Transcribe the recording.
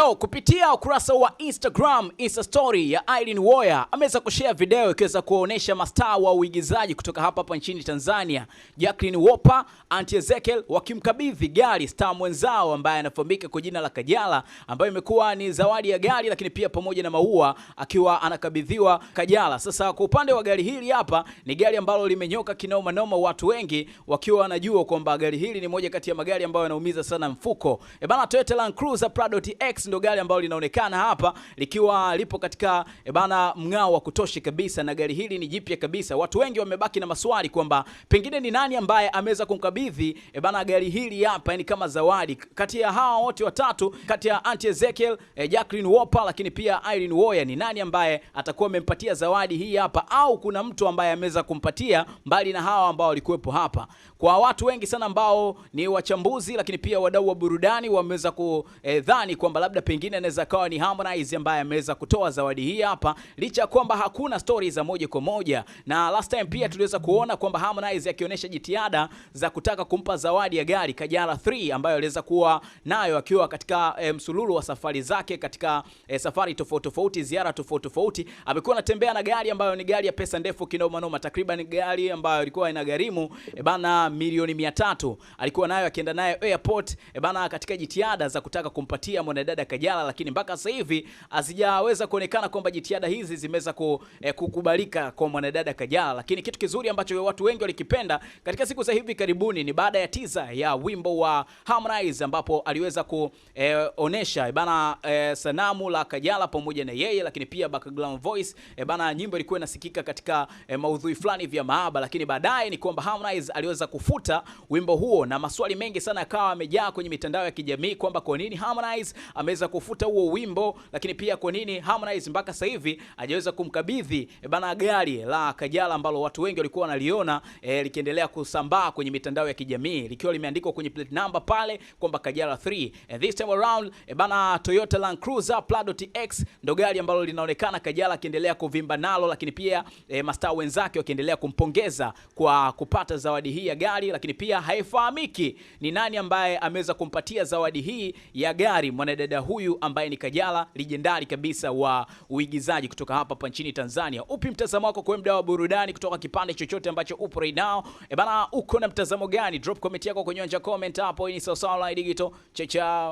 Yo, kupitia ukurasa wa Instagram Insta story ya Irene Woya ameweza kushare video ikiweza kuonesha mastaa wa uigizaji kutoka hapa hapa nchini Tanzania, Jacqueline Wolper, Auntie Ezekiel wakimkabidhi gari star mwenzao ambaye anafahamika kwa jina la Kajala, ambayo imekuwa ni zawadi ya gari lakini pia pamoja na maua, akiwa anakabidhiwa Kajala. Sasa kwa upande wa gari hili hapa ni gari ambalo limenyoka kinoma noma, watu wengi wakiwa wanajua kwamba gari hili ni moja kati ya magari ambayo yanaumiza sana mfuko. E bana, Toyota Land Cruiser Prado TX ndo gari ambalo linaonekana hapa likiwa lipo katika e bana mng'ao wa kutosha kabisa, na gari hili ni jipya kabisa. Watu wengi wamebaki na maswali kwamba pengine ni nani ambaye ameweza kumkabidhi e bana gari hili hapa, yani kama zawadi. Kati ya hawa wote watatu, kati ya Aunt Ezekiel, e, Jacqueline Wopa, lakini pia Irene Woya, ni nani ambaye atakuwa amempatia zawadi hii hapa, au kuna mtu ambaye ameweza kumpatia mbali na hawa ambao walikuwepo hapa? Kwa watu wengi sana ambao ni wachambuzi, lakini pia wadau wa burudani wameweza kudhani kwamba labda labda pengine anaweza kawa ni Harmonize ambaye ameweza kutoa zawadi hii hapa, licha kwamba hakuna story za moja kwa moja, na last time pia tuliweza kuona kwamba Harmonize akionyesha jitihada za kutaka kumpa zawadi ya gari Kajala 3 ambayo aliweza kuwa nayo akiwa katika e, msululu wa safari zake katika e, safari tofauti tofauti, ziara tofauti tofauti, amekuwa anatembea na gari ambayo ni gari ya pesa ndefu kinoma noma, takriban gari ambayo ilikuwa inagharimu e, eh, bana milioni 300 alikuwa nayo akienda nayo airport e, bana katika jitihada za kutaka kumpatia mwanadada miaka jana, lakini mpaka sasa hivi hazijaweza kuonekana kwamba jitihada hizi zimeweza eh, kukubalika kwa mwanadada Kajala. Lakini kitu kizuri ambacho watu wengi walikipenda katika siku za hivi karibuni ni baada ya tiza ya wimbo wa Harmonize ambapo aliweza kuonesha eh, e, eh, bana e, sanamu la Kajala pamoja na yeye, lakini pia background voice e, bana nyimbo ilikuwa inasikika katika e, maudhui fulani vya maaba, lakini baadaye ni kwamba Harmonize aliweza kufuta wimbo huo na maswali mengi sana yakawa yamejaa kwenye mitandao ya kijamii kwamba kwa nini Harmonize ameweza za kufuta huo wimbo, lakini pia kwa nini Harmonize mpaka sasa hivi hajaweza kumkabidhi eh, bana gari la Kajala ambalo watu wengi walikuwa wanaliona e, likiendelea kusambaa kwenye mitandao ya kijamii likiwa limeandikwa kwenye plate number pale kwamba Kajala 3. And eh, this time around e, bana Toyota Land Cruiser Prado TX ndo gari ambalo linaonekana Kajala akiendelea kuvimba nalo, lakini pia e, mastaa wenzake wakiendelea kumpongeza kwa kupata zawadi hii ya gari, lakini pia haifahamiki ni nani ambaye ameweza kumpatia zawadi hii ya gari mwanadada huyu ambaye ni Kajala, lijendari kabisa wa uigizaji kutoka hapa hapa nchini Tanzania. Upi mtazamo wako kwa mda wa burudani kutoka kipande chochote ambacho upo right now? E bana, uko na mtazamo gani? Drop comment yako kwenye anja comment hapo. Hii ni Sawasawa Online Digital. Chao chao.